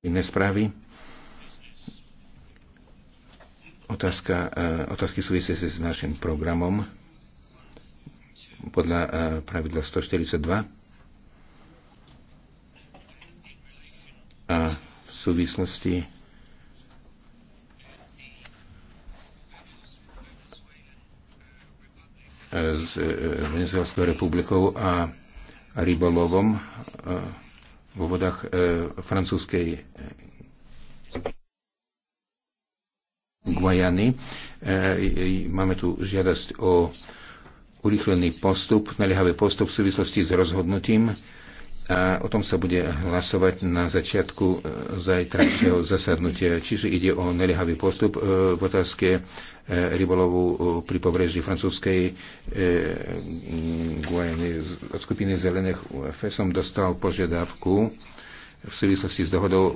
iné správy. Otázka, e, otázky súvisia s našim programom podľa e, pravidla 142 a v súvislosti e, s Venezuelskou republikou a rybolovom vo vodách e, francúzskej e, Guajany. E, máme tu žiadosť o urýchlený postup, naliehavý postup v súvislosti s rozhodnutím a o tom sa bude hlasovať na začiatku e, zajtrajšieho zasadnutia. Čiže ide o neliehavý postup e, v otázke e, rybolovu pri pobreží francúzskej Guajany. Od skupiny Zelených UFS som dostal požiadavku v súvislosti s dohodou